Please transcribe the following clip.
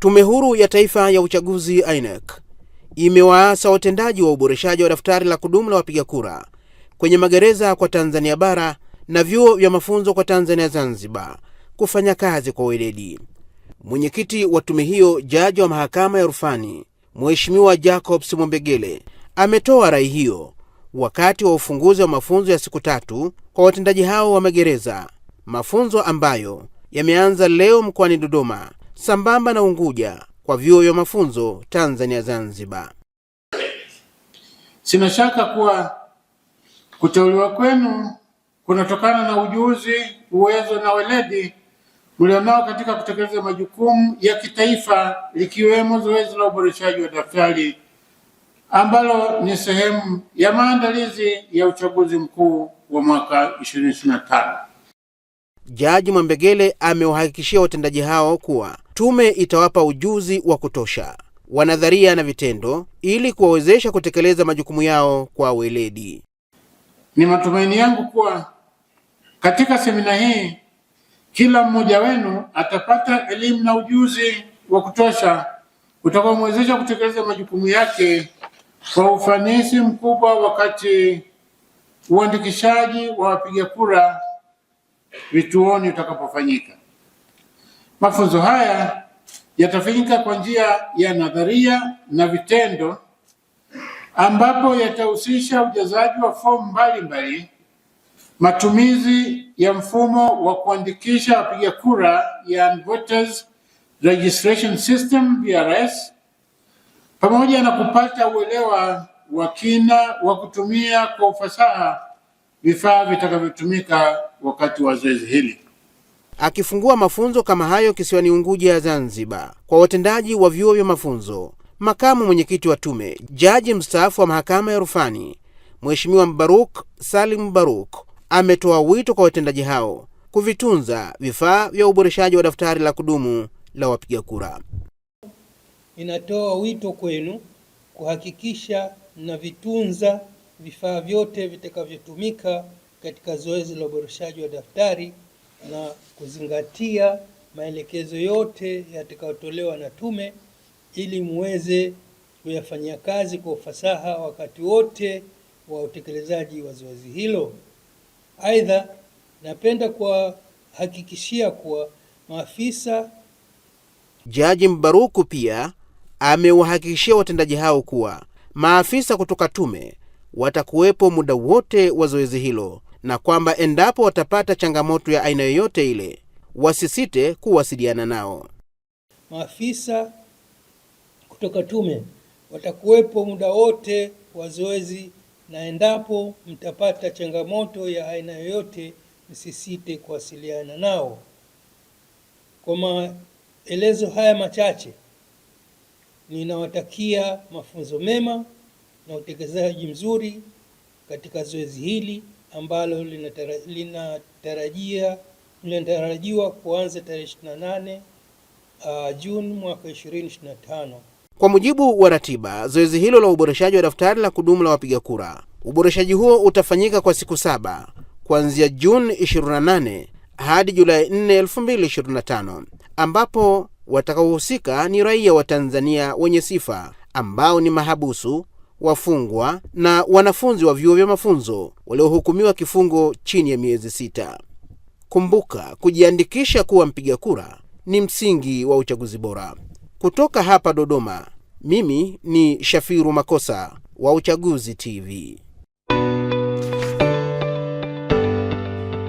Tume Huru ya Taifa ya Uchaguzi INEC imewaasa watendaji wa uboreshaji wa daftari la kudumu la wapiga kura kwenye magereza kwa Tanzania bara na vyuo vya mafunzo kwa Tanzania Zanzibar kufanya kazi kwa weledi. Mwenyekiti wa tume hiyo, jaji wa mahakama ya rufani Mheshimiwa Jacobs Mwambegele, ametoa rai hiyo wakati wa ufunguzi wa mafunzo ya siku tatu kwa watendaji hao wa magereza, mafunzo ambayo yameanza leo mkoani Dodoma sambamba na Unguja kwa vyuo vya mafunzo Tanzania Zanzibar. Sina shaka kuwa kuteuliwa kwenu kunatokana na ujuzi, uwezo na weledi mlionao katika kutekeleza majukumu ya kitaifa likiwemo zoezi la uboreshaji wa daftari ambalo ni sehemu ya maandalizi ya uchaguzi mkuu wa mwaka 2025. Jaji Mwambegele amewahakikishia watendaji hao kuwa tume itawapa ujuzi wa kutosha wa nadharia na vitendo ili kuwawezesha kutekeleza majukumu yao kwa weledi. Ni matumaini yangu kuwa katika semina hii kila mmoja wenu atapata elimu na ujuzi wa kutosha utakaomwezesha kutekeleza majukumu yake kwa ufanisi mkubwa wakati uandikishaji wa wapiga kura vituoni utakapofanyika. Mafunzo haya yatafanyika kwa njia ya nadharia na vitendo, ambapo yatahusisha ujazaji wa fomu mbalimbali, matumizi ya mfumo wa kuandikisha wapiga kura ya voters registration system VRS, pamoja na kupata uelewa wa kina wa kutumia kwa ufasaha vifaa vitakavyotumika wakati wa zoezi hili. Akifungua mafunzo kama hayo kisiwani Unguja ya Zanzibar kwa watendaji wa vyuo vya mafunzo, makamu mwenyekiti wa tume, jaji mstaafu wa mahakama ya rufani Mheshimiwa Mbaruk Salim Baruk ametoa wito kwa watendaji hao kuvitunza vifaa vya uboreshaji wa daftari la kudumu la wapiga kura. Inatoa wito kwenu kuhakikisha mnavitunza vifaa vyote vitakavyotumika katika zoezi la uboreshaji wa daftari na kuzingatia maelekezo yote yatakayotolewa na tume ili muweze kuyafanyia kazi kwa ufasaha wakati wote wa utekelezaji wa zoezi hilo. Aidha, napenda kuwahakikishia kuwa maafisa. Jaji Mbaruku pia amewahakikishia watendaji hao kuwa maafisa kutoka tume watakuwepo muda wote wa zoezi hilo, na kwamba endapo watapata changamoto ya aina yoyote ile, wasisite kuwasiliana nao. Maafisa kutoka tume watakuwepo muda wote wa zoezi, na endapo mtapata changamoto ya aina yoyote, msisite kuwasiliana nao. Kwa maelezo haya machache, ninawatakia mafunzo mema na utekelezaji mzuri katika zoezi hili ambalo linatarajia linatarajiwa kuanza tarehe 28 uh, Juni mwaka 2025. Kwa mujibu wa ratiba, zoezi hilo la uboreshaji wa daftari la kudumu la wapiga kura, uboreshaji huo utafanyika kwa siku saba kuanzia Juni 28 hadi Julai 4, 2025 ambapo watakaohusika ni raia wa Tanzania wenye sifa ambao ni mahabusu wafungwa na wanafunzi wa vyuo vya mafunzo waliohukumiwa kifungo chini ya miezi sita. Kumbuka, kujiandikisha kuwa mpiga kura ni msingi wa uchaguzi bora. Kutoka hapa Dodoma, mimi ni Shafiru Makosa wa Uchaguzi TV.